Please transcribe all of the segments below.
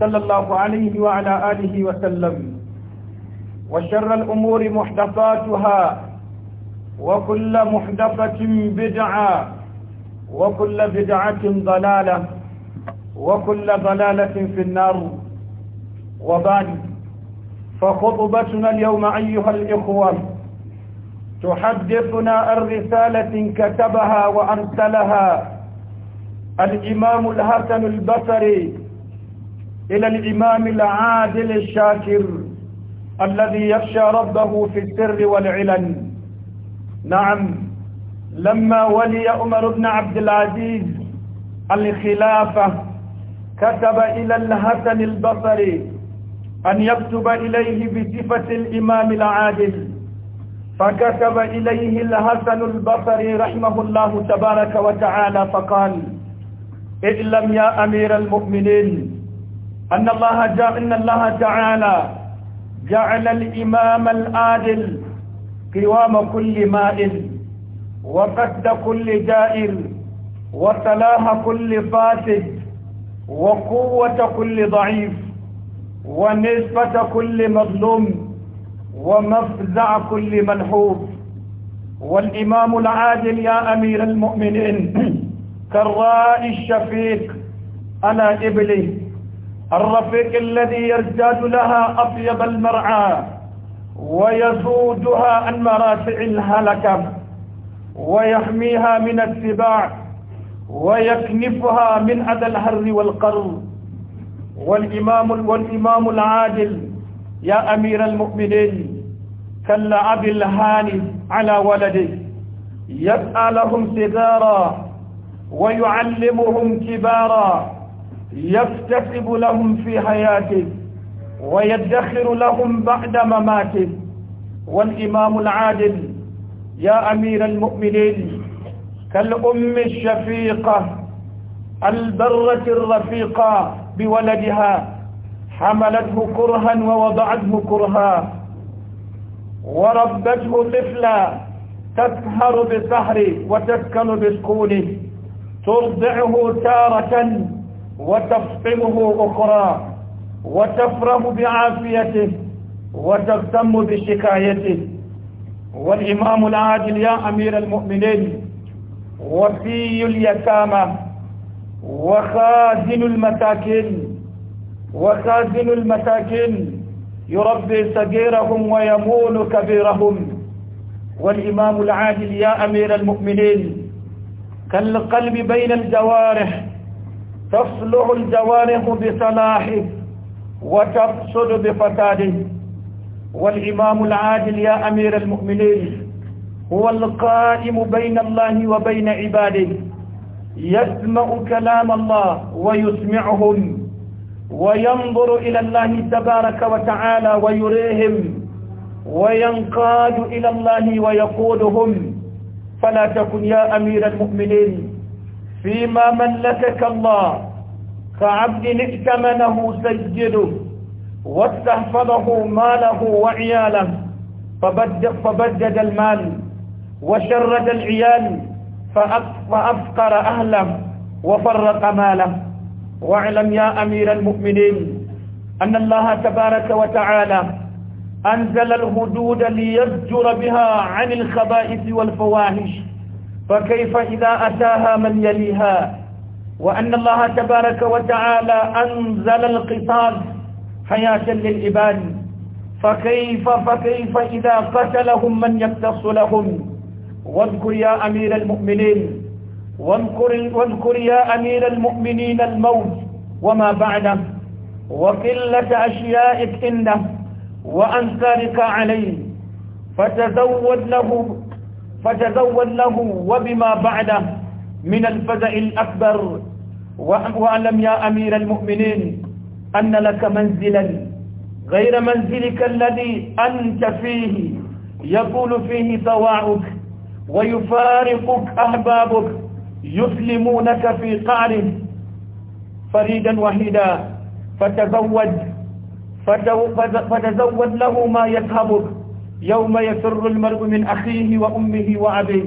صلى الله عليه وعلى آله وسلم وشر الأمور محدثاتها وكل محدثة بدعة وكل بدعة ضلالة وكل ضلالة في النار وبعد فخطبتنا اليوم أيها الإخوة تحدثنا عن رسالة كتبها وأرسلها الإمام الحسن البصري إلى الإمام العادل الشاكر الذي يخشى ربه في السر والعلن نعم لما ولي عمر بن عبد العزيز الخلافة كتب إلى الحسن البصري أن يكتب إليه بصفة الإمام العادل فكتب إليه الحسن البصري رحمه الله تبارك وتعالى فقال اعلم يا أمير المؤمنين أن الله جاء إن الله تعالى جعل الإمام العادل قوام كل مائل وقد كل جائر وصلاح كل فاسد وقوة كل ضعيف ونسبة كل مظلوم ومفزع كل منحوف والإمام العادل يا أمير المؤمنين كالراء الشفيق على إبله الرفيق الذي يزداد لها أطيب المرعى ويزودها عن مراتع الهلكة ويحميها من السباع ويكنفها من أذى الهر والقر والإمام, والإمام العادل يا أمير المؤمنين كاللعب الهاني على ولده لهم صغارا ويعلمهم كبارا يكتسب لهم في حياته ويدخر لهم بعد مماته والإمام العادل يا أمير المؤمنين كالأم الشفيقة البرة الرفيقة بولدها حملته كرها ووضعته كرها وربته طفلا تسهر بسهره وتسكن بسكونه ترضعه تارة وتفطمه أخرى وتفرح بعافيته وتغتم بشكايته والإمام العادل يا أمير المؤمنين وفي اليتامى وخازن المساكين وخازن المساكين يربي صغيرهم ويمول كبيرهم والإمام العادل يا أمير المؤمنين كالقلب بين الجوارح تصلح الجوانح بصلاحه وتفسد بفساده والإمام العادل يا أمير المؤمنين هو القائم بين الله وبين عباده يسمع كلام الله ويسمعهم وينظر إلى الله تبارك وتعالى ويريهم وينقاد إلى الله ويقودهم فلا تكن يا أمير المؤمنين فيما ملكك الله كعبد ائتمنه سجده واستحفظه ماله وعياله فبدد, فبدد المال وشرد العيال فأفقر أهله وفرق ماله واعلم يا أمير المؤمنين أن الله تبارك وتعالى أنزل الهدود ليزجر بها عن الخبائث والفواحش فكيف إذا أتاها من يليها وأن الله تبارك وتعالى أنزل القتال حياة للعباد فكيف فكيف إذا قتلهم من يقتص لهم واذكر يا أمير المؤمنين واذكر, واذكر يا أمير المؤمنين الموت وما بعده وقلة أشيائك إنه وأنثارك عليه فتزود له فتزود له وبما بعده من الفزع الأكبر واعلم يا أمير المؤمنين أن لك منزلا غير منزلك الذي أنت فيه يقول فيه سواعك ويفارقك أحبابك يسلمونك في قعره فريدا وحيدا فتزود فتزود له ما يذهبك يوم يفر المرء من أخيه وأمه وأبيه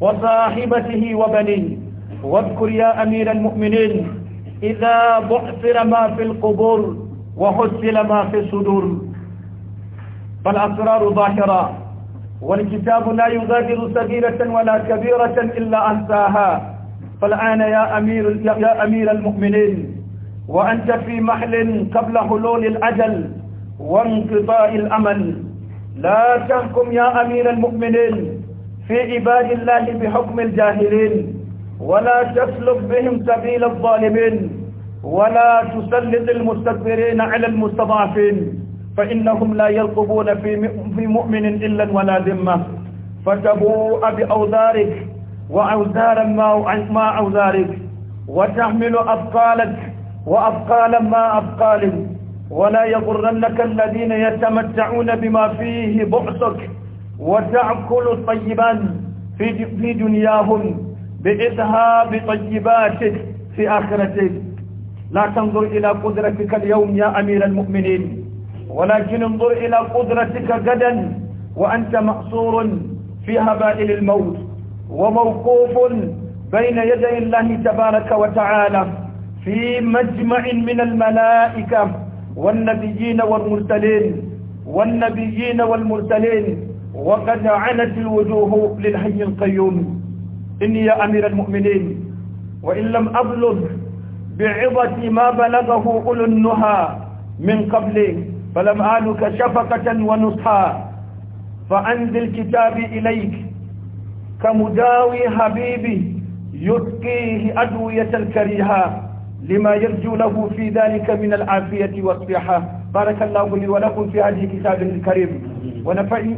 وصاحبته وبنيه واذكر يا أمير المؤمنين إذا بعثر ما في القبور وحسل ما في الصدور فالأسرار ظاهرة والكتاب لا يغادر صغيرة ولا كبيرة إلا أنساها فالآن يا أمير, يا أمير المؤمنين وأنت في محل قبل حلول الأجل وانقطاع الأمل لا تحكم يا أمير المؤمنين في عباد الله بحكم الجاهلين ولا تسلك بهم سبيل الظالمين ولا تسلط المستكبرين على المستضعفين فإنهم لا يلقبون في مؤمن إلا ولا ذمة فتبوء بأوزارك وأوزارا ما أوزارك وتحمل أثقالك وأثقالا ما أثقالك ولا يغرنك الذين يتمتعون بما فيه بؤسك وتأكل الطيبات في دنياهم بإذهاب طيباتك في آخرتك لا تنظر إلى قدرتك اليوم يا أمير المؤمنين ولكن انظر إلى قدرتك غدا وأنت مأصور في هبائل الموت وموقوف بين يدي الله تبارك وتعالى في مجمع من الملائكة والنبيين والمرسلين والنبيين والمرسلين وقد عنت الوجوه للحي القيوم إني يا أمير المؤمنين وإن لم أبلغ بعظة ما بلغه أولو النهى من قبل فلم آلك شفقة ونصحا فأنزل كتابي إليك كمداوي حبيبي يسقيه أدوية الكريهة لما يرجو له في ذلك من العافية والصحة بارك الله لي ولكم في هذه كتاب الكريم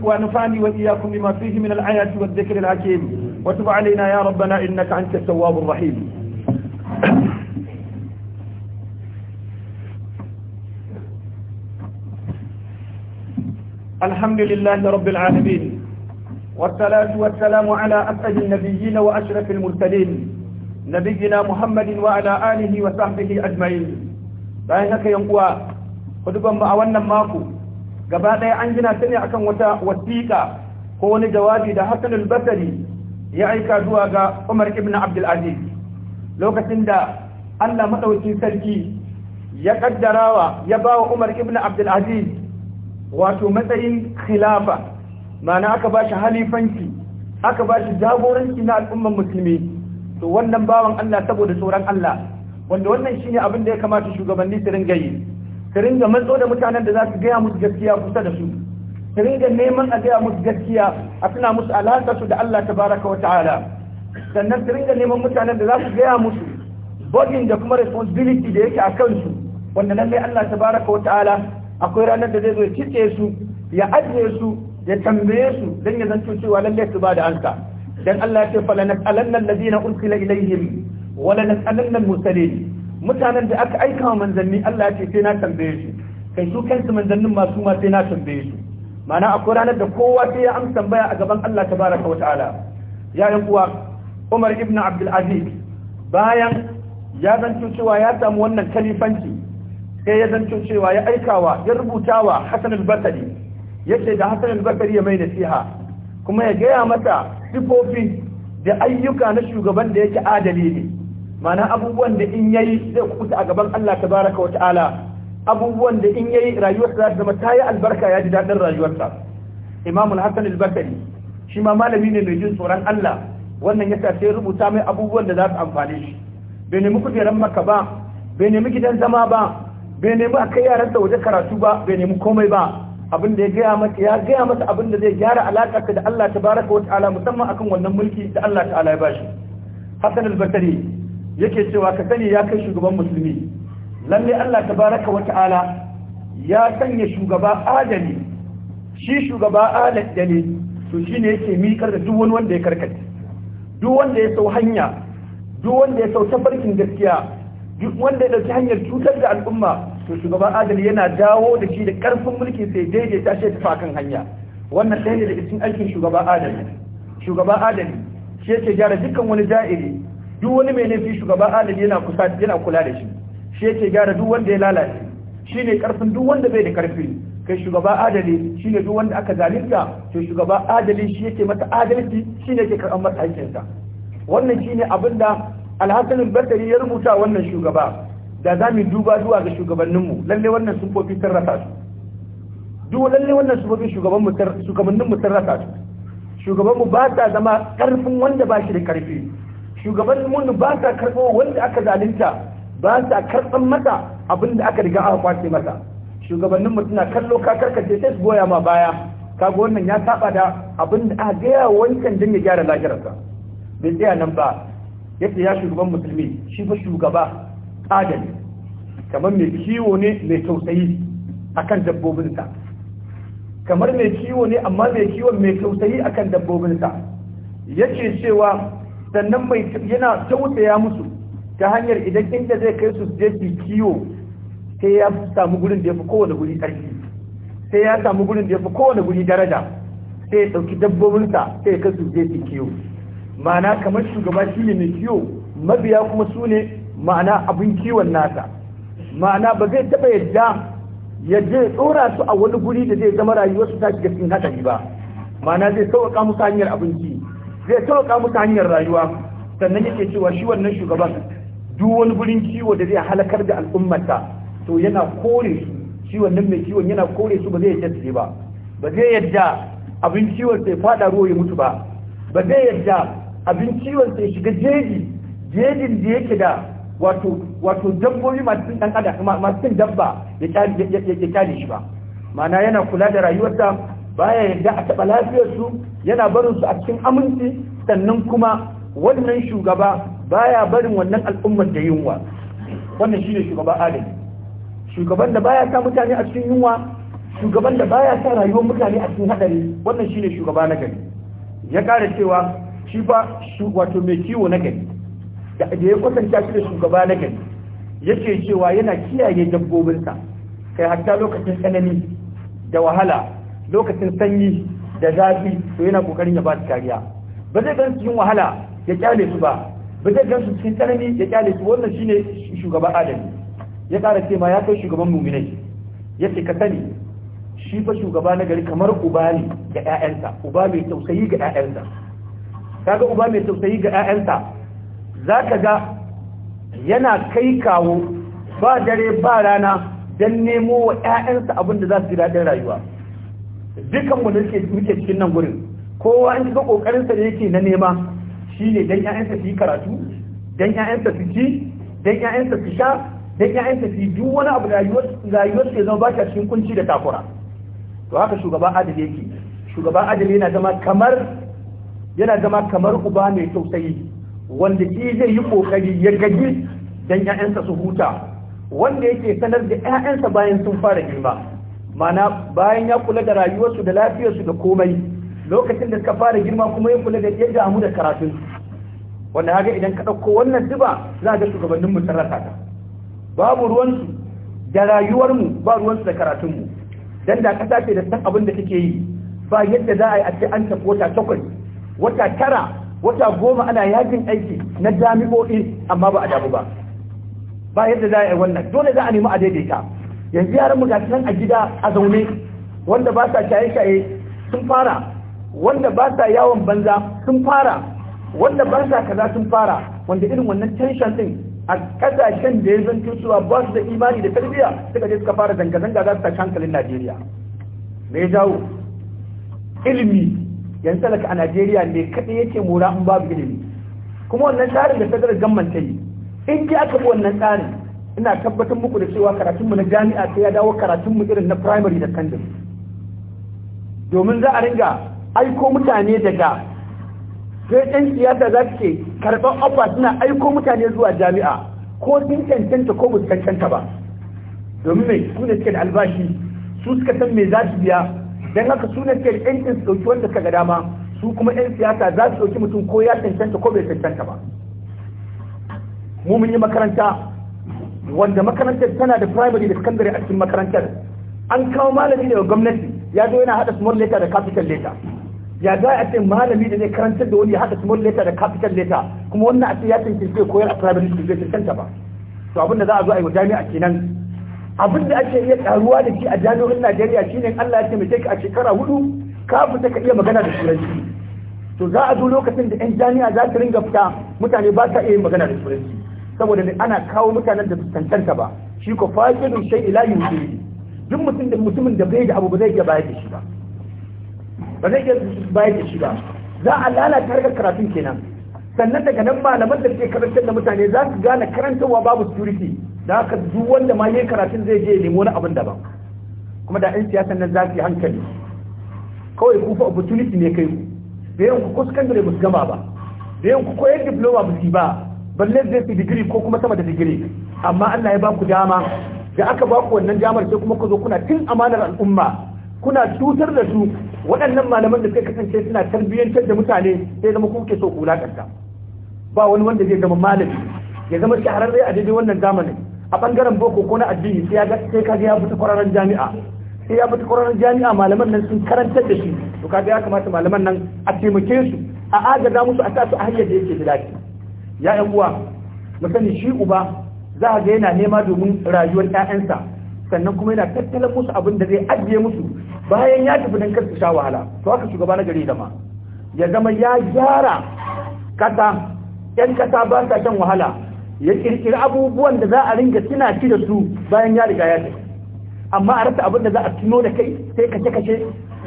ونفعني وإياكم بما فيه من الآيات والذكر الحكيم وتب علينا يا ربنا إنك أنت التواب الرحيم الحمد لله رب العالمين والصلاة والسلام على أسعد النبيين وأشرف المرسلين na muhammadin wa ala alihi wa sahbihi ajma'in bayan haka yan uwa hudubar mu a wannan mako gaba ɗaya an gina ta akan wata wasiƙa ko wani jawabi da Hassan ya aika zuwa ga Umar ibn Abdul lokacin da Allah madaukakin sarki ya ƙaddarawa ya bawa Umar ibn Abdul Aziz wato matsayin khilafa mana aka bashi halifanci aka bashi jagoranci na al'umman musulmi to wannan bawan Allah saboda tsoron Allah wanda wannan shine abin da ya kamata shugabanni su ringa yi su ringa matso da mutanen da za su gaya musu gaskiya kusa da su su ringa neman a gaya musu gaskiya a tuna musu alaƙa su da Allah ta baraka wa ta'ala sannan su ringa neman mutanen da za su gaya musu bodin da kuma responsibility da yake a kansu wanda nan mai Allah ta baraka wa ta'ala akwai ranar da zai zo ya cice su ya ajiye su ya tambaye su don ya zanto cewa lallai su ba da ansa dan Allah ya ce fala nas'alanna alladhina ursila ilaihim wala nas'alanna al-mursalin mutanen da aka aika wa manzanni Allah ya ce sai na tambaye su kai su kansu manzannin masu ma sai na tambaye su mana akwai ranar da kowa sai ya amsa tambaya a gaban Allah tabaraka wa ta'ala yayin uwa Umar ibn Abdul Aziz bayan ya zanto cewa ya samu wannan kalifanci sai ya zanto cewa ya aikawa ya rubutawa Hassan al-Basri yace da Hassan al-Basri ya mai nasiha kuma ya gaya masa sifofi da ayyuka na shugaban da yake adali ne mana abubuwan da in yayi zai kuta a gaban Allah tabaraka wata'ala abubuwan da in yayi rayuwarsa za zama tayi albarka ya ji daɗin rayuwarsa imamul hasan al-bakari shi ma malami ne mai jin tsoron Allah wannan yasa sai rubuta mai abubuwan da za su amfane shi bai nemi kujeran maka ba bai nemi gidan zama ba bai nemi a kai yaransa waje karatu ba bai nemi komai ba abin da ya gaya maka ya gaya masa abin da zai gyara ka da Allah ta baraka wa ta'ala musamman akan wannan mulki da Allah ta'ala ya bashi Hassan al-Basri yake cewa ka sani ya kai shugaban musulmi lalle Allah ta baraka wa ta'ala ya sanya shugaba adali shi shugaba adali to shine yake mikar da duk wani wanda ya karkace duk wanda ya sau hanya duk wanda ya sau tabarkin gaskiya duk wanda ya dauki hanyar cutar da al'umma to shugaba adali yana dawo da shi da karfin mulki sai daidaita shi tafa kan hanya wannan ɗaya ne daga cikin aikin shugaba adali Shugaba adali shi yake gyara dukkan wani ja'iri duk wani mai laifi shugaba adali yana kusa yana kula da shi shi yake gyara duk wanda ya lalace shine karfin duk wanda bai da karfi kai shugaba adali shine duk wanda aka zalunta to shugaba adali shi yake mata adalci shine yake karɓar masa hakkinsa wannan shine abinda alhassan al ya rubuta wannan shugaba da za mu duba zuwa ga shugabanninmu lalle wannan sufofi sun rasa su duk lalle wannan sufofin shugabanninmu sun rasa su shugabanmu ba sa zama karfin wanda ba shi da karfi shugabanninmu ba sa karɓo wanda aka zalunta ba sa karɓan mata abin aka riga aka kwace mata shugabanninmu suna kallo ka karkace sai su goya ma baya kaga wannan ya saba da abin da aka gaya wancan din ya gyara lafiyarsa bai tsaya nan ba yadda ya shugaban musulmi shi fa shugaba adali kamar mai kiwo ne mai tausayi akan dabbobinsa kamar mai kiwo ne amma mai kiwon mai tausayi akan dabbobinsa yake cewa sannan mai yana tausaya musu ta hanyar idan inda zai kai su je su kiwo sai ya samu gurin da ya fi kowane guri ƙarfi sai ya samu gurin da ya fi kowane guri daraja sai ya ɗauki dabbobinsa sai ya kai su je su kiwo ma'ana kamar shugaba shi ne mai kiwo mabiya kuma su ne ma'ana abin kiwon nasa ma'ana ba zai taɓa yadda ya je tsora su a wani guri da zai zama su ta shiga cikin hatsari ba ma'ana zai sauƙa musu hanyar abinci zai sauƙa musu hanyar rayuwa sannan yake cewa shi wannan shugaban duk wani gurin kiwo da zai halakar da al'ummarsa to yana kore su shi wannan mai kiwon yana kore su ba zai yadda su ba ba zai yadda abin kiwon sai fada ruwa ya mutu ba ba zai yadda abin kiwon sai shiga jeji jejin da yake da wato wato dabbobi masu cin dan adam masu cin dabba ya kyale shi ba ma'ana yana kula da rayuwarsa baya yadda a taɓa lafiyarsu yana barin su a cikin aminci sannan kuma wannan shugaba baya barin wannan al'ummar da yunwa wannan shine shugaba adam shugaban da baya sa mutane a cikin yunwa shugaban da baya sa rayuwar mutane a cikin hadari wannan shine shugaba na gari ya kare cewa shi ba wato mai kiwo na gari da ya kwatanta shi da shugaba na gari yake cewa yana kiyaye dabbobinsa kai hatta lokacin tsanani da wahala lokacin sanyi da zafi to yana kokarin ya ba su kariya ba zai gan cikin wahala ya kyale su ba ba zai gan su cikin tsanani ya kyale su wannan shine shugaba adali ya kara ce ma ya kai shugaban muminai Ya ce ka sani shi fa shugaba na gari kamar uba ne ga ƴaƴansa uba mai tausayi ga ƴaƴansa kaga uba mai tausayi ga ƴaƴansa za ka ga yana kai kawo ba dare ba rana don nemo wa 'ya'yansa abin da za su ji daɗin rayuwa dukanmu da muke cikin nan gurin kowa in ga ƙoƙarinsa da yake na nema shi ne don 'ya'yansa su yi karatu don 'ya'yansa su ci don 'ya'yansa su sha don 'ya'yansa su yi duk wani abu ya zama ba cikin kunci da takura to haka shugaba adali yake shugaba adali yana zama kamar yana zama kamar uba mai tausayi wanda shi zai yi kokari ya gaji don 'ya'yansa su huta wanda yake sanar da 'ya'yansa bayan sun fara girma mana bayan ya kula da rayuwarsu da lafiyarsu da komai lokacin da suka fara girma kuma ya kula da yadda damu da karatun wanda haka idan ka ɗauko wannan zuba za ga shugabannin mu sarrafa ta babu ruwansu da rayuwarmu ba ruwansu da karatunmu dan da ƙasa ce da san abin da take yi ba yadda za a yi a ce an tafi wata takwas wata tara wata goma ana yakin aiki na jami'o'i amma ba a damu ba ba yadda za a yi wannan dole za a nemi a daidaita yanzu yaran mu gasu nan a gida a zaune wanda ba sa shaye-shaye sun fara wanda ba sa yawon banza sun fara wanda ba sa kaza sun fara wanda irin wannan tension din a kasashen da ya zanto suwa ba su da imani da tarbiyya suka je suka fara zanga-zanga za su tashi hankalin Najeriya me ya jawo ilimi yanzu talaka a najeriya ne kaɗai yake mura in babu ilimi kuma wannan tsarin da federal gamman ta yi in ji aka bi wannan tsarin ina tabbatar muku da cewa karatunmu na jami'a sai ya dawo karatunmu irin na primary da secondary. domin za a ringa aiko mutane daga sai ɗan siyasa za su ke karɓar offer suna aiko mutane zuwa jami'a ko sun cancanta ko ba su cancanta ba domin mai su ne suke da albashi su suka san me za su biya dan haka sunan ne ke da yancin su dauki wanda kaga dama su kuma yan siyasa za su dauki mutum ko ya cancanta ko bai cancanta ba mu mun yi makaranta wanda makarantar tana da primary da secondary a cikin makarantar an kawo malami daga gwamnati ya zo yana haɗa small letter da capital letter ya za a ce malami da zai karantar da wani ya hada small letter da capital letter kuma wannan a ce ya cancanta koyar a primary school bai cancanta ba to abinda za a zo a yi wa jami'a kenan abin da ake iya karuwa da shi a jami'in Najeriya shine Allah ya taimake ka a shekara hudu ka fita ka iya magana da turanci to za a zo lokacin da yan jami'a za ta ringa fita mutane ba sa iya magana da turanci saboda ana kawo mutanen da su tantanta ba shi ko faqidu shay ila yuhi duk mutum da mutumin da bai da abu ba zai ga bayar da shi ba ba zai ga bayar da shi ba za a lalata harkar karatun kenan sannan daga nan malaman da ke karantar da mutane za su gane karantarwa babu security da haka duk wanda ma yi karatun zai je nemo na abin daban kuma da ɗan siyasan nan za su yi hankali kawai ku opportunity ne kai ku da yanku ko secondary ba su gama ba da yanku ku yan diploma ba su ba balle zai fi digiri ko kuma sama da digiri amma Allah ya ba ku dama da aka ba ku wannan damar sai kuma ku zo kuna tun amanar al'umma kuna cutar da su waɗannan malaman da suka kasance suna tarbiyyantar da mutane sai zama kuke so ku wulakanta ba wani wanda zai zama malami ya zama shahararre a daidai wannan zamanin a bangaren boko ko na addini sai ya ga sai kaga ya fita kwararren jami'a sai ya fita kwararren jami'a malaman nan sun karantar da shi to kaga ya kamata malaman nan a taimake su a agaza musu a sa su a hanyar da yake da ya yan uwa mu sani shi uba za a ga yana nema domin rayuwar ƴaƴansa sannan kuma yana tattalin musu abin da zai ajiye musu bayan ya tafi don su sha wahala to haka shugaba na gari dama ya zama ya gyara kasa yan kasa ba sa shan wahala ya kirkiri abubuwan da za a ringa tuna shi da su bayan ya riga ya ce amma a rasa abin da za a tuno da kai sai kace kace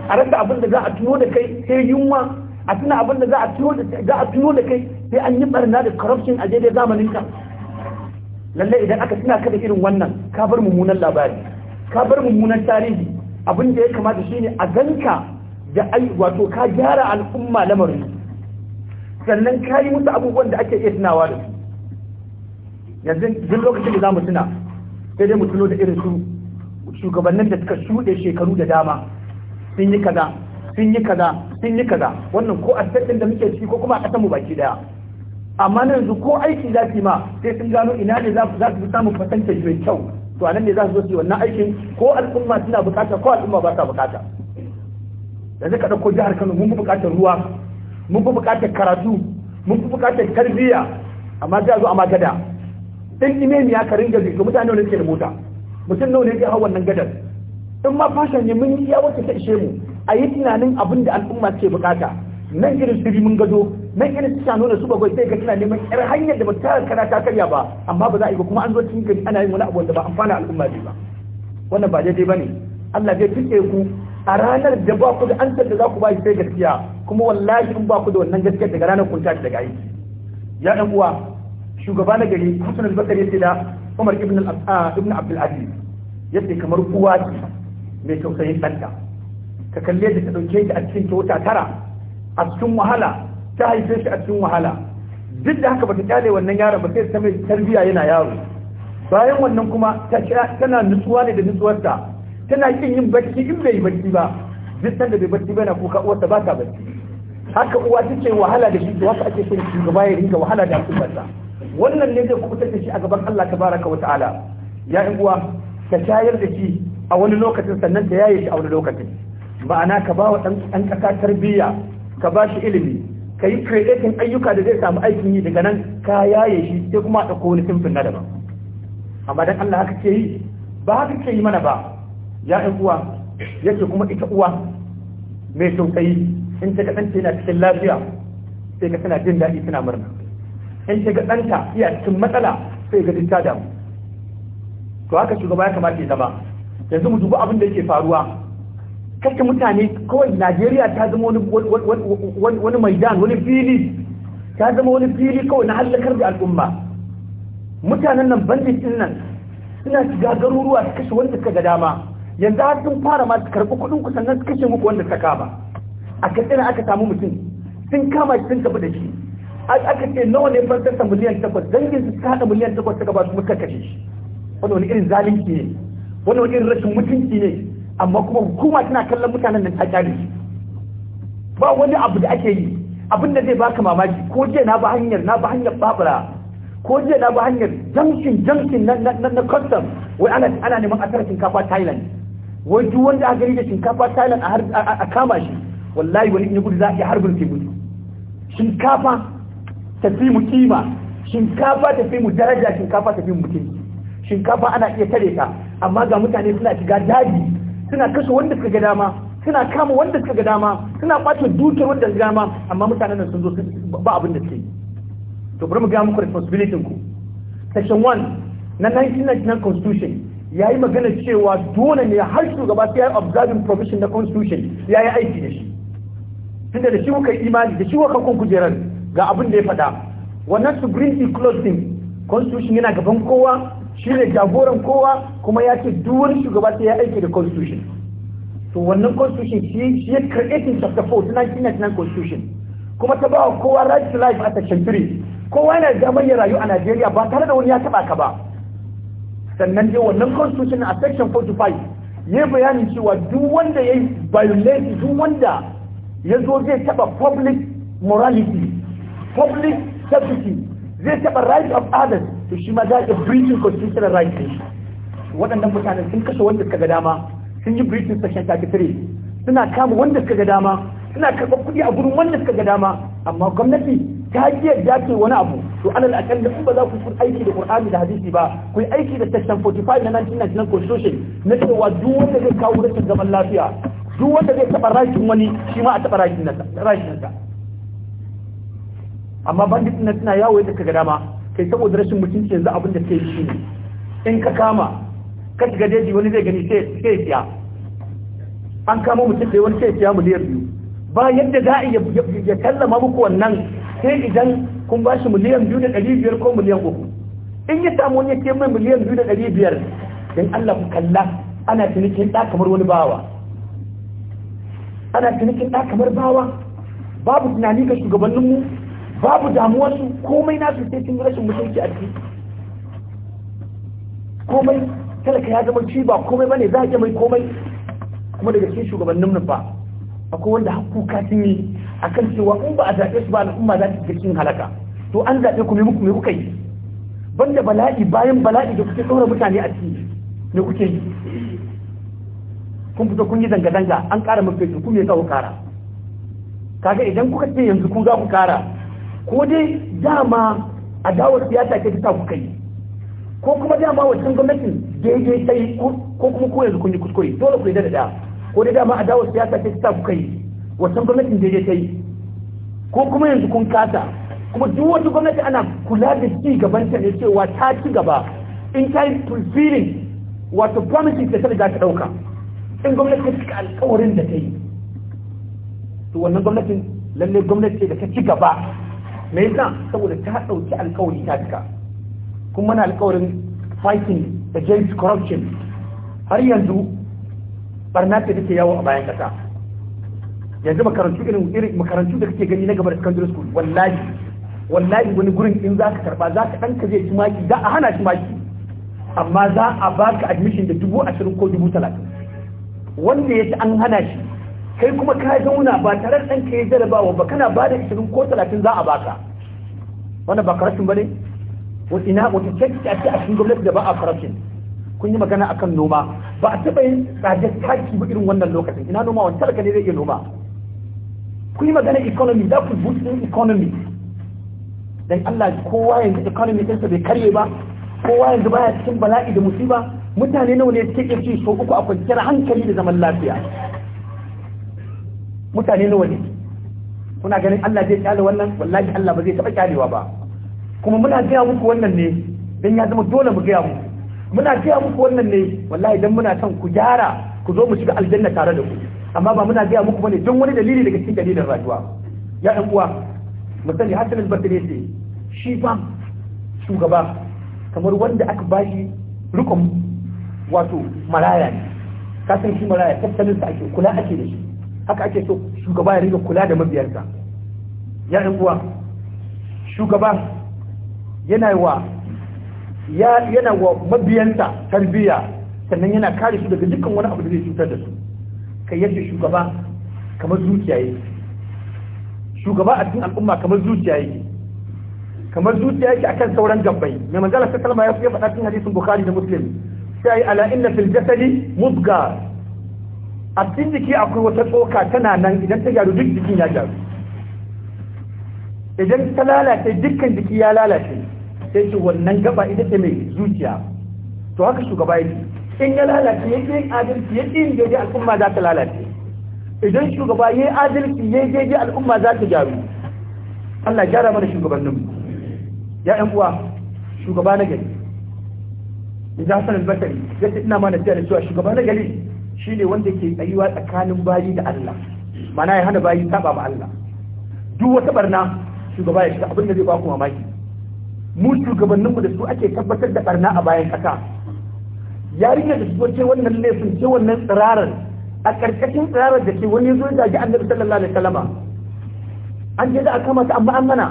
a rasa abin da za a tuno da kai sai yunwa a tuna abin da za a tuno da za a tuno da kai sai an yi barna da corruption a daidai zamanin ka lalle idan aka tuna ka da irin wannan ka bar mummunan labari ka bar mummunan tarihi abin da ya kamata shine a ganka da ai wato ka gyara al'umma lamarin sannan ka yi musu abubuwan da ake iya tunawa da su yanzu duk lokacin da za mu tuna sai dai mu tuno da irin su shugabannin da suka shuɗe shekaru da dama sun yi kaza sun yi kaza sun yi kaza wannan ko a sassan da muke ciki ko kuma a ƙasar mu baki daya amma nan yanzu ko aiki za su yi ma sai sun gano ina ne za su samun fasantar mai kyau to anan ne za su zo su wannan aikin ko al'umma suna bukata ko al'umma ba sa bukata yanzu ka ɗauko jihar Kano mun fi bukatar ruwa mun fi karatu mun fi bukatar tarbiyya amma sai a zo a magada dan ime ya karin ringa bi mutane ne ke da mota mutum nawa ne ya hau wannan gadar in ma fashion ne mun yi ya wacce ta ishe mu a yi tunanin abin da al'umma ke bukata nan irin su mun gado nan irin su shano da su bagwai sai ka tana neman yar hanyar da ba kana kara ta karya ba amma ba za a yi ba kuma an zo cikin gari ana yin wani abu da ba amfana al'umma ne ba wannan ba daidai ba ne Allah zai tuke ku a ranar da ba ku da an da za ku ba shi sai gaskiya kuma wallahi in ba ku da wannan gaskiya daga ranar kun tashi daga aiki ya ɗan uwa shugaba na gari Hassan al-Bakar yace da Umar ibn al-As'a ah, Abdul kamar uwa ce mai tausayin ɗanta ka kalle da ta dauke shi a cikin tota tara a cikin wahala ta haife shi a cikin wahala duk da haka bata kyale wannan yaron ba sai ta mai tarbiya yana yaro bayan wannan kuma ta tana nutsuwa ne da nutsuwarta tana kin yin bacci in bai barci ba duk sanda bai barci ba na kuka uwarsa ba ta barci, haka uwa take wahala da shi to wasu ake son shugaba ya ringa wahala da al'ummarsa wannan ne zai kubutar da shi a gaban Allah tabaraka wa ta'ala ya in uwa ka shayar da shi a wani lokacin sannan ta yaye shi a wani lokacin ma'ana ka ba wa ɗan ƙasa tarbiyya ka ba shi ilimi ka yi kreatin ayyuka da zai samu aikin yi daga nan ka yaye shi sai kuma a ɗauko wani simfin na daban amma dan Allah haka ke yi ba haka ke yi mana ba ya ɗan uwa yake kuma ita uwa mai tausayi in ta yana cikin lafiya sai ka tana jin daɗi tana murna in ta ga ɗanta iya cikin matsala sai ga ta damu to haka shugaba ya kamata ya zama yanzu mu dubi abin da yake faruwa kashe mutane kawai najeriya ta zama wani maidan wani fili ta zama wani fili kawai na hallakar da al'umma mutanen nan bandit din nan suna shiga garuruwa su kashe wanda suka ga dama yanzu har sun fara ma su karɓi kuɗin kusan sannan su kashe muku wanda suka kama a kasina aka samu mutum sun kama shi sun tafi da shi aka ce nawa ne fansarsa miliyan takwas dangin su suka haɗa miliyan takwas suka ba su muka kashe shi wani wani irin zalunci ne wani wani irin rashin mutunci ne amma kuma hukuma tana kallon mutanen nan ta kyale shi ba wani abu da ake yi abin da zai baka mamaki ko jiya na ba hanyar na ba hanyar babura ko jiya na ba hanyar jamshin jamshin na na custom wai ana ana neman a tara shinkafa Thailand wai duk wanda aka gari da shinkafa Thailand a kama shi wallahi wani in gudu za a iya harbin teku shinkafa tafi mu kima shinkafa tafi mu daraja shinkafa tafi mu mutunci shinkafa ana iya tare ta amma ga mutane suna shiga daji suna kashe wanda suka ga dama suna kama wanda suka ga dama suna kwace dukiyar wanda suka ga dama amma mutanen nan sun zo ba abin da suke to bari mu ga muku responsibility ku section 1 na 1999 constitution ya yi magana cewa dole ne har shugaba sai ya yi observing provision na constitution ya yi aiki da shi tunda da shi kuka imani da shi kuka kun kujerar ga abin da ya faɗa wannan sovereignty clothing constitution yana gaban kowa shi ne jagoran kowa kuma ya ce duk wani shugaba sai ya aiki da constitution to wannan constitution shi ya creating chapter 4 1999 constitution kuma ta bawa kowa right to life a section 3 kowa yana da damar ya rayu a Najeriya ba tare da wani ya taba ka ba sannan dai wannan constitution a section 45 ya bayanin cewa duk wanda ya yi violate duk wanda ya zo zai taba public morality public safety zai taɓa right of others to shi ma za a breaching constitutional rights ne waɗannan mutanen sun kashe wanda suka ga dama sun yi breaching section 33 suna kama wanda suka ga dama suna karɓar kuɗi a gurin wanda suka ga dama amma gwamnati ta ji yadda ce wani abu to alal akalla in ba za ku kun aiki da qur'ani da hadisi ba ku yi aiki da section 45 na 1999 constitution na cewa duk wanda zai kawo rashin zaman lafiya duk wanda zai taɓa rashin wani shi ma a taɓa rashin nasa amma bandit na suna yawo yadda kaga dama kai saboda rashin mutunci yanzu abin da ke shi ne in ka kama ka shiga daji wani zai gani sai siya an kama mutum sai wani sai siya miliyan biyu ba yadda za a ya kallama muku wannan sai idan kun ba shi miliyan biyu da ɗari biyar ko miliyan uku in ya samu wani ya ke mai miliyan biyu da ɗari biyar don Allah ku kalla ana cinikin ɗa kamar wani bawa ana cinikin ɗa kamar bawa babu tunani ga shugabanninmu babu damuwarsu komai na sai sun rashin mutunci a jiki komai talaka ya zama ci ba komai bane za a iya mai komai kuma daga cikin shugabannin nan ba akwai wanda hakuka sun yi akan cewa in ba a zaɓe su ba al'umma za ta cikin halaka to an zaɓe ku me muku me kuka yi banda bala'i bayan bala'i da kuke ɗora mutane a ciki ne kuke yi kun fito kun yi zanga-zanga an ƙara mafi ku me za ku ƙara kaga idan kuka ce yanzu ku za ku ƙara ko dai dama a dawar siyasa ke ta kuka yi ko kuma dama wancan gwamnatin daidai ta yi ko kuma ko yanzu kun yi kuskure dole ku yi da da ko dai dama a dawar siyasa ke ta kuka yi wancan gwamnatin daidai ta yi ko kuma yanzu kun kasa kuma duk wata gwamnati ana kula da ci gaban ta ne cewa ta ci gaba in ta yi fulfilling wato promises da ta riga ta dauka in gwamnati ta cika alkawarin da ta yi to wannan gwamnatin lalle gwamnati ce da ta ci gaba me yasa saboda ta dauki alkawari ta cika kuma mana alkawarin fighting against corruption har yanzu barna ta take yawo a bayan kasa yanzu makarantu irin irin makarantu da kake gani na gaba da secondary school wallahi wallahi wani gurin in zaka karba zaka dan ka je shi maki za a hana shi maki amma za a baka admission da dubu ashirin ko dubu talatin wanda ya ci an hana shi kai kuma ka wuna ba tare da ɗanka ya jarabawa ba kana ba da ishirin ko talatin za a baka wannan ba karashin ba ne wasu ina wata cekci a cikin gwamnati da ba a karashin kun yi magana akan noma ba a taɓa yin tsadar taki ba irin wannan lokacin ina noma wani talaka ne zai iya noma kun yi magana economy za ku boosting economy dan Allah kowa yanzu economy ɗinsa bai karye ba kowa yanzu baya cikin bala'i da musiba mutane nawa ne suke iya ci so uku a kwanciyar hankali da zaman lafiya mutane nawa ne kuna ganin Allah zai kyale wannan wallahi Allah ba zai taɓa kyalewa ba kuma muna gaya muku wannan ne dan ya zama dole mu gaya muku muna gaya muku wannan ne wallahi dan muna son ku gyara ku zo mu shiga aljanna tare da ku amma ba muna gaya muku bane don wani dalili daga cikin dalilin rayuwa ya ɗan uwa misali Hassan al-Basri ce shi fa shugaba kamar wanda aka bashi rukun wato maraya ne kasan shi maraya tattalin sa ake kula ake da shi haka ake so shugaba ya rika kula da mabiyarsa ya uwa shugaba yana wa yana wa mabiyansa tarbiyya sannan yana kare su daga dukkan wani abu da zai cutar da su kai yadda shugaba kamar zuciya yake shugaba a cikin al'umma kamar zuciya yake kamar zuciya yake akan sauran gabbai mai manzala ta kalma ya faɗa cikin hadisin bukhari da muslim sai ala inna fil jasadi mudga a cikin jiki akwai wata tsoka tana nan idan ta gyaru duk jikin ya gyaru idan ta lalace dukkan jiki ya lalace sai ce wannan gaba ita ce mai zuciya to haka shugaba yake in ya lalace ya yi adalci ya yi daidai al'umma za ta lalace idan shugaba ya yi adalci ya daidai al'umma za ta gyaru Allah gyara mana shugabannin ya ƴan uwa shugaba na gari idan sanar bakari ya ce ina mana da cewa shugaba na gari Shi ne wanda ke tsayuwa tsakanin bayi da Allah mana ya hana bayi saba ma Allah duk wata barna shugaba ya shiga abin da zai ba ku mamaki mu shugabanninmu da su ake tabbatar da barna a bayan kasa yarinyar da su ce wannan laifin ce wannan tsirarar a ƙarƙashin tsirarar da ke wani zo ya ji annabi sallallahu alaihi wasallama an je da aka mata amma an mana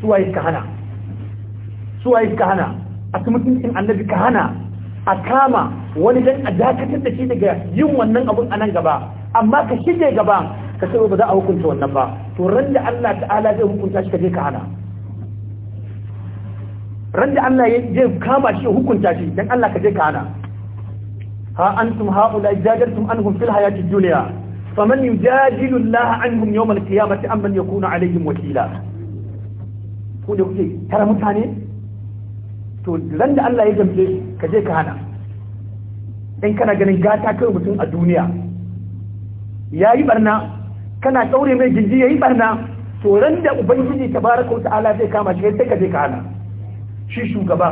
suwaye ka hana suwaye ka hana a mutuncin annabi ka hana a kama wani dan a dakatar da shi daga yin wannan abun a nan gaba amma ka shige gaba ka sai ba za a hukunta wannan ba to ran da Allah ta'ala zai hukunta shi ka je ka hana ran da Allah zai kama shi hukunta shi dan Allah ka je ka hana ha antum haula jadartum anhum fil hayati dunya faman yujadilu Allah anhum yawm al-qiyamati amman yakunu alaihim wakila ku da kuke tara mutane to ran da Allah ya gamce ka je ka hana in kana ganin gata kai mutum a duniya ya yi barna kana daure mai jinji ya yi barna to ran da ubangiji tabaraka wa ta'ala zai kama shi sai ka je ka hana shi shugaba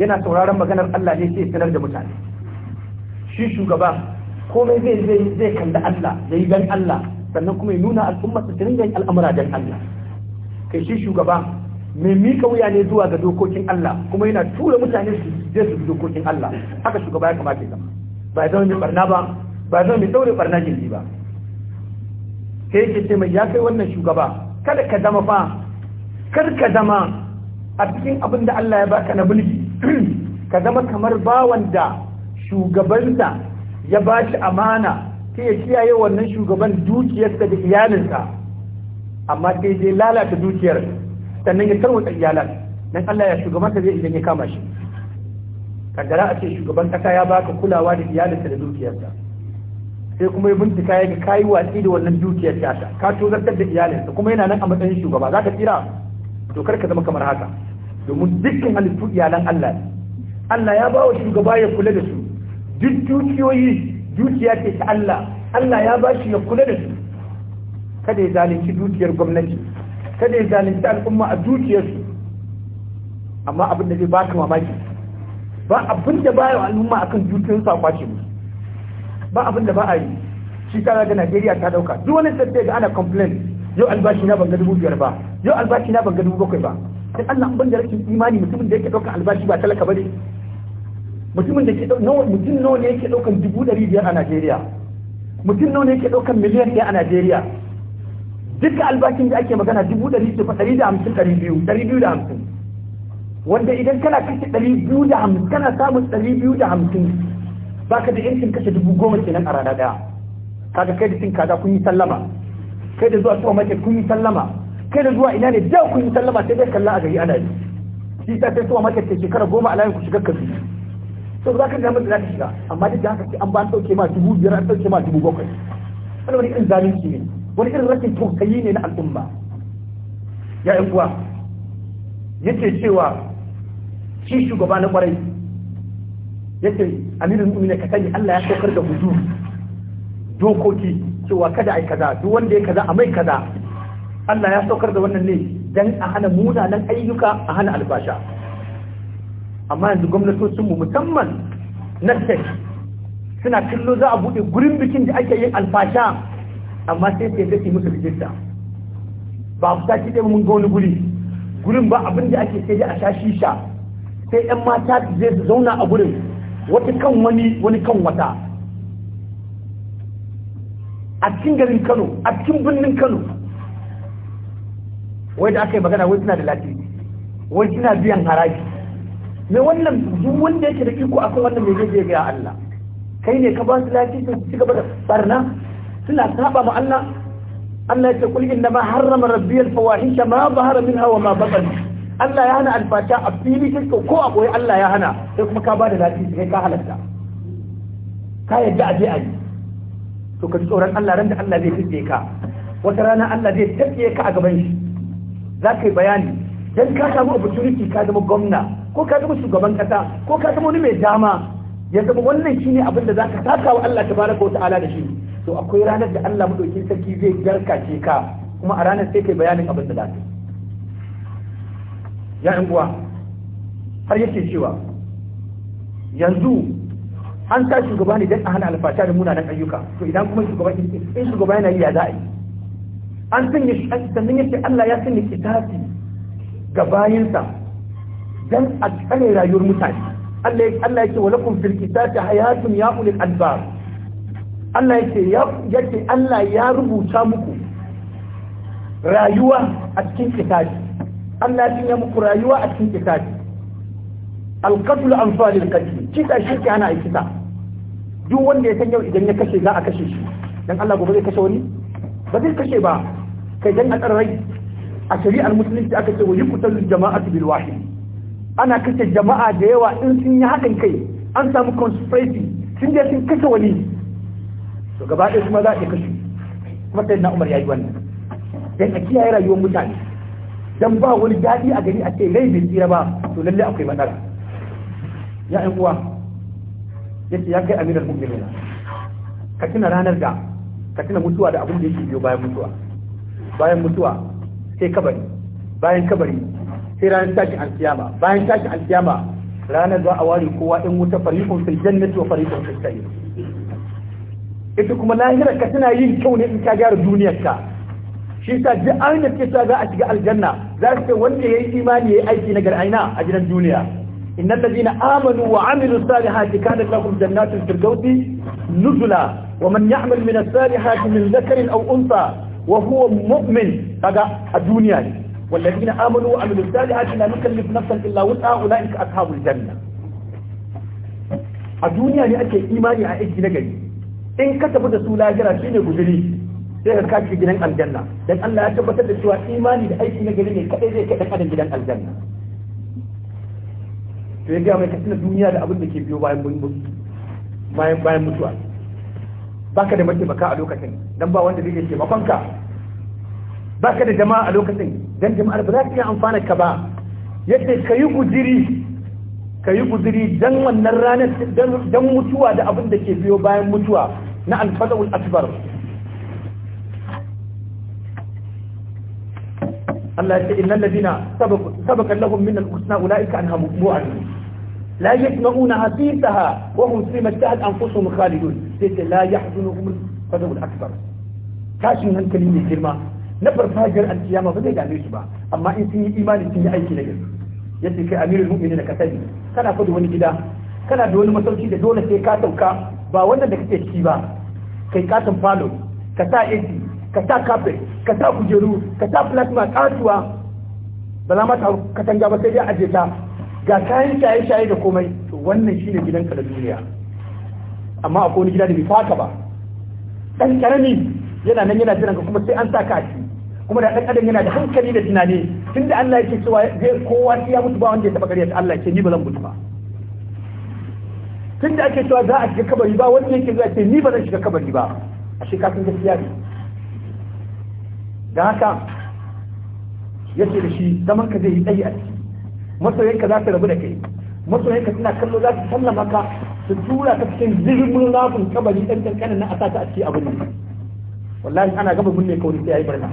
yana sauraron maganar Allah ne sai sanar da mutane shi shugaba komai zai zai zai kalli Allah zai gan Allah sannan kuma ya nuna al'umma su dinga yin al'amura dan Allah kai shi shugaba mai mika wuya ne zuwa ga dokokin Allah kuma yana tura mutane su je su dokokin Allah haka shugaba ya kamata ya ba ya zama mai barna ba ba ya zama mai daure barna jirgi ba sai yake ce mai ya kai wannan shugaba kada ka zama fa kar ka zama a cikin abin da Allah ya baka na mulki. ka zama kamar bawan da shugabansa ya ba shi amana sai ya kiyaye wannan shugaban dukiyarsa da iyalinsa amma sai dai lalata dukiyar sannan ya tarwata iyalan dan Allah ya shugaban ka zai idan ya kama shi kaddara a ce shugaban kasa ya baka kulawa da iyalinsa da dukiyarsa sai kuma ya bincika ya ga kayi watsi da wannan dukiyar tata ka tozartar da iyalinsa kuma yana nan a matsayin shugaba za ka tsira to kar ka zama kamar haka domin dukkan halittu iyalan Allah ne Allah ya ba wa shugaba ya kula da su duk dukiyoyi dukiya ce ta Allah Allah ya ba shi ya kula da su kada ya zalunci dukiyar gwamnati kada ya zalunci al'umma a dukiyarsu amma abin da zai baka mamaki ba abin da baya al'umma akan dukiyarsu a kwace musu ba abin da ba a yi shi ta ga Najeriya ta dauka duk wani sai ga ana complain yau albashi na ban dubu biyar ba yau albashi na ban dubu bakwai ba sai Allah abin da rashin imani mutumin da yake dauka albashi ba talaka ne mutumin da ke nawa mutum nawa ne yake daukan dubu ɗari biyar a Najeriya mutum nawa ne yake daukan miliyan ɗaya a Najeriya duka albashin da ake magana dubu ɗari da fa ɗari da hamsin ɗari biyu ɗari biyu da hamsin wanda idan kana kashe ɗari biyu da hamsin kana samun ɗari biyu da hamsin ka da yankin kashe dubu goma kenan a rana ɗaya kaga kai da cin kaza kun yi sallama kai da zuwa mace kun yi sallama kai da zuwa ina ne da kun yi sallama sai dai kalla a gari ana yi shi ta sai mace ta shekara goma a layin ku shiga kasu to za ka ga mutum za ka shiga amma duk da haka sai an ba an ɗauke ma dubu biyar an ɗauke ma dubu bakwai wani wani zalunci ne wani irin rashin tausayi ne na al'umma ya yan uwa yake cewa shi shugaba na kwarai yake amirin mu'mina ka sani Allah ya saukar da hudu dokoki cewa kada ai kaza duk wanda ya kaza a mai kaza Allah ya saukar da wannan ne dan a hana munanan ayyuka a hana albasha amma yanzu mu musamman na suna kallo za a buɗe gurin bikin da ake yin alfasha amma sai sai take musu rijista ba ku tashi dai mun ga wani guri gurin ba abin da ake sai a sha shisha sai yan mata zai su zauna a gurin wata kan wani wani kan wata a cikin garin Kano a cikin birnin Kano wai da aka yi magana wai suna da lati wai suna biyan haraji me wannan duk wanda yake da iko akan wannan mai zai ga Allah kai ne ka ba su lati su ci gaba da barna suna saba ma Allah Allah ya ce kul inna ma harrama rabbi al fawahisha ma zahara minha wa ma batan Allah ya hana alfata a fili take ko a koyi Allah ya hana sai kuma ka bada lafiya sai ka halatta ka yadda aje a yi to ka tsoron Allah ran da Allah zai fice ka wata rana Allah zai tafiye ka a gaban shi za ka yi bayani dan ka samu opportunity ka zama gwamna ko ka zama shugaban kasa ko ka zama wani mai dama ya zama wannan shine abin da zaka saka wa Allah tabaraka wa ta'ala da shi to akwai ranar da Allah madaukin sarki zai garkace ka kuma a ranar sai kai bayanin abin da zaka ya yan uwa har yake cewa yanzu an ta shugaba ne don a hana alfasha da munanan ayyuka to idan kuma shugaba in shugaba yana yi ya za a yi an sanya sannan yace Allah ya sanya kitabi ga bayinsa dan a tsare rayuwar mutane Allah Allah yake walakum fil kitabi hayatun ya ulil albab Allah yake Allah ya rubuta muku rayuwa a cikin kitabi Allah ya sanya muku rayuwa a cikin kitabi alqatul anfal alqatil kisa shirki ana aikita duk wanda ya san yau idan ya kashe za a kashe shi dan Allah gobe zai kashe wani ba zai kashe ba kai dan a rai a shari'ar musulunci aka ce wa yuqtalu jama'atu bil wahid ana kashe jama'a da yawa in sun yi hakan kai an samu conspiracy sun je sun kashe wani to gaba ɗaya kuma za a iya kashe kuma sai na umar ya yi wannan dan a kiyaye rayuwar mutane dan ba wani daɗi a gani a ce rai bai tsira ba to lalle akwai matsala ya ɗan uwa yace ya kai amiral mu'minina ka tuna ranar da ka tuna mutuwa da abin da yake biyo bayan mutuwa bayan mutuwa sai kabari bayan kabari sai ranar tashin alkiyama bayan tashin alkiyama ranar za a ware kowa in wuta fariqun sai jannati wa fariqun sai sa'ir ita kuma lahirar ka tana yin kyau ne in ka gyara duniyar ka shi yasa duk an da ke sa za a shiga aljanna za su ce wanda yayi imani yayi aiki na gar'aina a gidan duniya innal ladina amanu wa amilu salihati kana lahum jannatul firdausi nuzula wa man ya'mal min as-salihati min dhakarin aw unsa wa huwa mu'min kaga a duniya ne والذين آمنوا وعملوا الصالحات لا نكلف نفسا إلا وسعها أولئك أصحاب الجنة a duniya ne ake imani a aiki na gari in ka tafi da su lahira shine guduri sai ka kashi gidan aljanna dan Allah ya tabbatar da cewa imani da aiki na gari ne kadai zai kai dan adam gidan aljanna to ya ga mai kasance duniya da abin da ke biyo bayan bayan bayan mutuwa baka da baka a lokacin dan ba wanda zai Ba ka baka da jama'a a lokacin dan jama'ar ba za ta iya amfana ka ba yi kayi ka yi gudiri dan wannan ranar dan mutuwa da abin da ke biyo bayan mutuwa na alfadawul akbar Allah ya ce innal ladina sabaqa lahum min al-husna ulaika anha mu'adun la yasma'una hasisaha wa hum fi mashtahat anfusuhum khalidun sai la yahzunuhum al-fadawul akbar tashin hankali ne girma na farfajiyar alkiyama ba zai dame su ba amma in sun yi imani sun yi aiki na gari yace kai amirul mu'minin ka sani kana fa da wani gida kana da wani masauki da dole sai ka sauka ba wannan da kake ciki ba kai katon falo ka sa ac ka sa kafe ka sa kujeru ka sa plasma kasuwa ba za mata katanga ba sai dai aje ta ga kayan shaye-shaye da komai to wannan shine gidanka da duniya amma akwai wani gida da bai faka ba dan karami yana nan yana jiran ka kuma sai an saka a kuma da dan adam yana da hankali da tunani tunda Allah yake cewa zai kowa ya mutu ba wanda ya taba kariya Allah ke ni ba zan mutu ba tun da ake cewa za a shiga kabari ba wanda yake zuwa ce ni ba zan shiga kabari ba a shekatun gaskiya ne da haka ya ce da shi zaman ka zai yi tsayi a ciki masoyanka za su rabu da kai masoyanka suna kallo za su sallama ka su tura ta cikin zirgin rafin kabari ɗan ƙanƙanin na a sata a ciki abin nan wallahi ana gaba gunne ka wani sai ya yi barna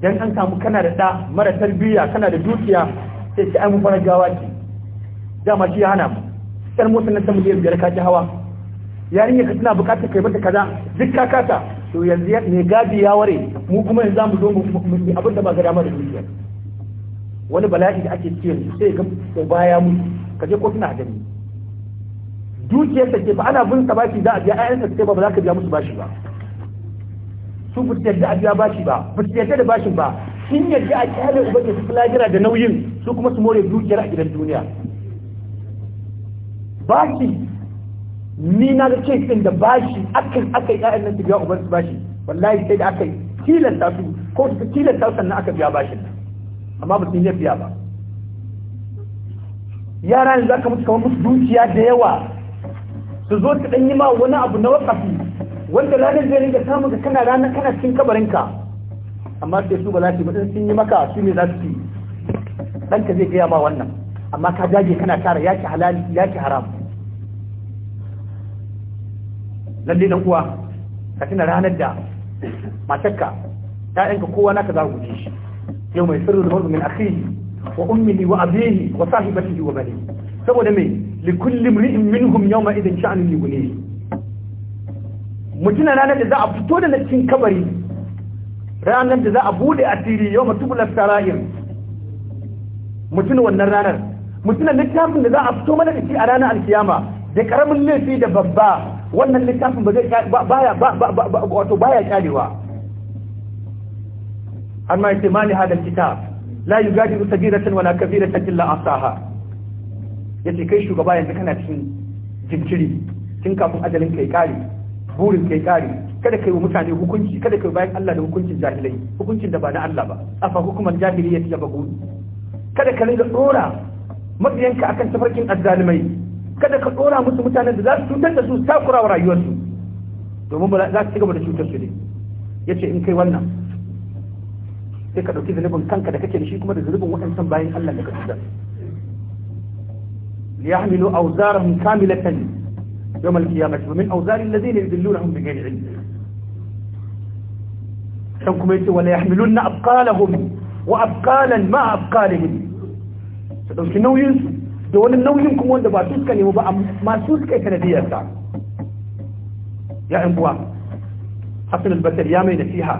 dan an samu kana da ɗa mara tarbiyya kana da dukiya sai ki ai mu fara gawa ki dama shi ya hana mu yar motsa na ta miliyan biyar ka ji hawa yarinya ka tana bukatar kai mata kaza duk ka kasa to yanzu ne gadi ya ware mu kuma yanzu mu zo mu abin da ba ga dama da dukiyar wani bala'i da ake cikin sai ga baya mu mutu ka je kotuna gani dukiyar ta ke ba ana bin ta baki za a biya ayyansa ce ba ba za ka biya musu bashi ba su ba su a biya bashi ba ba su da bashin ba sun yadda a kyale ubangiji su su da nauyin su kuma su more dukiyar a gidan duniya bashi ni na da ce din da bashi akan aka yi ƴaƴan nan su biya uban bashi wallahi sai da aka yi tilasta su ko su tilasta su sannan aka biya bashi amma ba su yi biya ba yara ne za ka mutu kamar musu dukiya da yawa su zo su ɗan yi ma wani abu na wakafi wanda ranar zai ringa samun ka kana rana kana cikin kabarinka amma sai su ba za su ba sun yi maka su ne za su yi ɗanka zai gaya ma wannan amma ka dage kana tara yaki halali yaki haram lalle dan uwa ka tuna ranar da matakka ta yanka kowa naka za ji shi yau mai sirri da min akhihi wa ummihi wa abihi wa sahibatihi wa bani saboda me li kulli mri'in minhum yawma idin sha'nun yughnihi mutuna ranar da za a fito da cikin kabari ranar da za a bude asiri yawma tubla sarair mutuna wannan ranar mutuna littafin da za a fito mana da shi a ranar alkiyama da karamin laifi da babba wannan littafin ba zai baya wato baya kyalewa amma yace mali hada kitab la yugadiru sagiratan wala kabiratan illa asaha yace kai shugaba yanzu kana cikin jinkiri tun kafin ajalin kai kare burin kai kare kada kai wa mutane hukunci kada kai bayan Allah da hukuncin jahilai hukuncin da ba na Allah ba afa hukumar jahiliyyati ya bagu kada ka ringa tsora mabiyanka akan tafarkin azzalimai kada ka ɗora musu mutanen da za su cutar da su takura wa rayuwarsu domin za su ci gaba da cutar su ne ya ce in kai wannan sai ka ɗauki zunubin kanka da kake da shi kuma da zunubin waɗansan bayan Allah da ka cutar liyahmilu awzarahum kamilatan yawm al-qiyamah wa min awzari alladhina yudillunahum bighayri ilm kan kuma yace wala yahmilunna abqalahum wa abqalan ma abqalihim su dauki nauyin su da wani nauyin kuma wanda ba su suka nemi ba amma su suka yi sa. ya yan buwa hasan albasar ya mai nasiha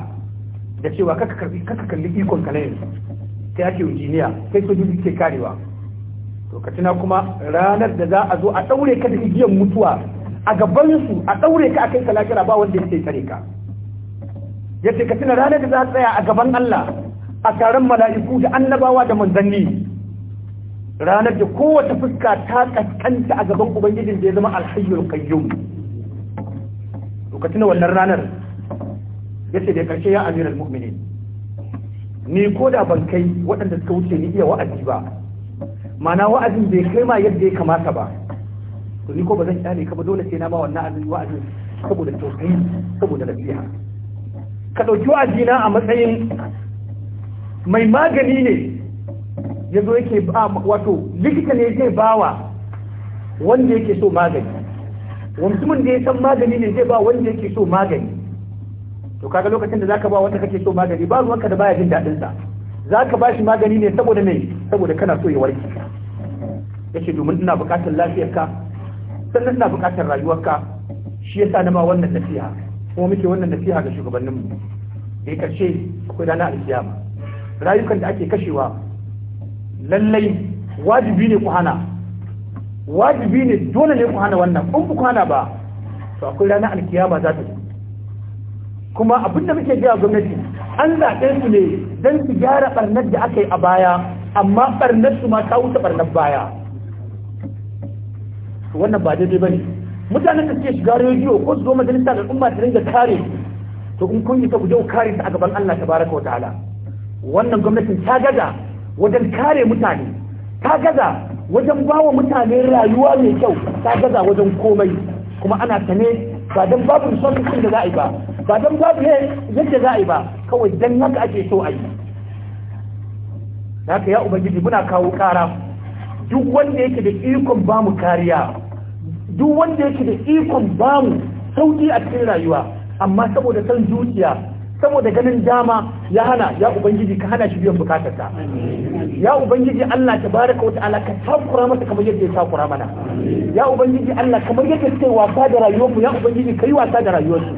da cewa kaka karbi kaka kalli ikon ka na yanzu kai ake injiniya kai ke karewa to ka tuna kuma ranar da za a zo a daure ka da igiyar mutuwa a gaban su a daure ka akai ka ba wanda yake kare ka yace ka tuna ranar da za a tsaya a gaban Allah a taron mala'iku da annabawa da manzanni ranar da kowace fuska ta kaskanta a gaban ubangijin da ya zama alhayyul kayyum. lokacin wannan ranar yace da karshe ya amiral mu'minin ni ko da ban kai waɗanda suka wuce ni iya wa'azi ba mana wa'azin bai kai ma yadda ya kamata ba to ni ko ba zan kyale ka ba dole sai na ba wannan azin wa'azin saboda tausayi saboda nasiha ka ɗauki wa'azina a matsayin mai magani ne ya zo yake ba wato likita ne zai bawa wanda yake so magani mutumin da ya san magani ne zai ba wanda yake so magani to kaga lokacin da zaka ba wanda kake so magani ba ruwanka da baya jin dadin sa zaka ba shi magani ne saboda me saboda kana so ya warke yace domin ina bukatar lafiyarka sannan ina bukatar rayuwarka shi yasa na ma wannan nasiha kuma muke wannan nasiha ga shugabanninmu da ya karshe akwai dana alkiyama rayukan da ake kashewa lallai wajibi ne ku hana wajibi ne dole ne ku hana wannan in ku hana ba to akwai ranar alkiyama za ta kuma abin da muke gaya gwamnati an zaɓe su ne don su gyara ɓarnar da aka yi a baya amma ɓarnar su ma ta wuce ɓarnar baya wannan ba daidai ba ne mutanen da suke shiga rediyo ko su zo majalisa da al'umma ta ringa kare to in kun yi ta ku kare ta a gaban Allah tabaraka wa ta'ala wannan gwamnatin ta gaza wajen kare mutane ta gaza wajen bawa mutane rayuwa mai kyau ta gaza wajen komai kuma ana ta ne ba don babu resources da za yi ba ba don babu yadda za a yi ba kawai don haka ake so ayi. yi haka ya ubangiji muna kawo kara duk wanda yake da ikon bamu kariya duk wanda yake da ikon bamu sauki a cikin rayuwa amma saboda san zuciya saboda ganin dama ya hana ya ubangiji ka hana shi biyan bukatarsa ya ubangiji Allah ta baraka wata ta'ala ka takura masa kamar yadda ya takura mana ya ubangiji Allah kamar yadda suka yi wasa da rayuwarmu ya ubangiji ka yi wasa da rayuwarsu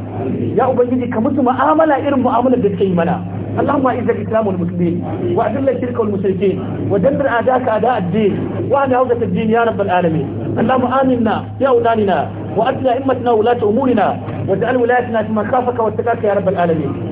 ya ubangiji ka musu mu'amala irin mu'amalar da suka yi mana اللهم اعز الاسلام والمسلمين واذل الشرك والمشركين ودمر اعداءك اعداء الدين واعد عوده الدين يا رب العالمين اللهم امنا في اولاننا واتنا امتنا ولاة امورنا واجعل ولايتنا في مخافك واتقاك يا رب العالمين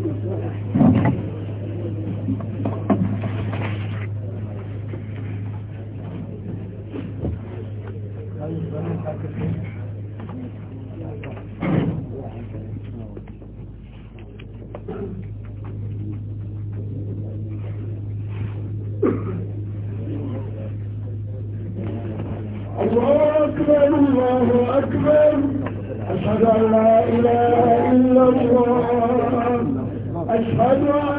إله إلا الله أشهد أن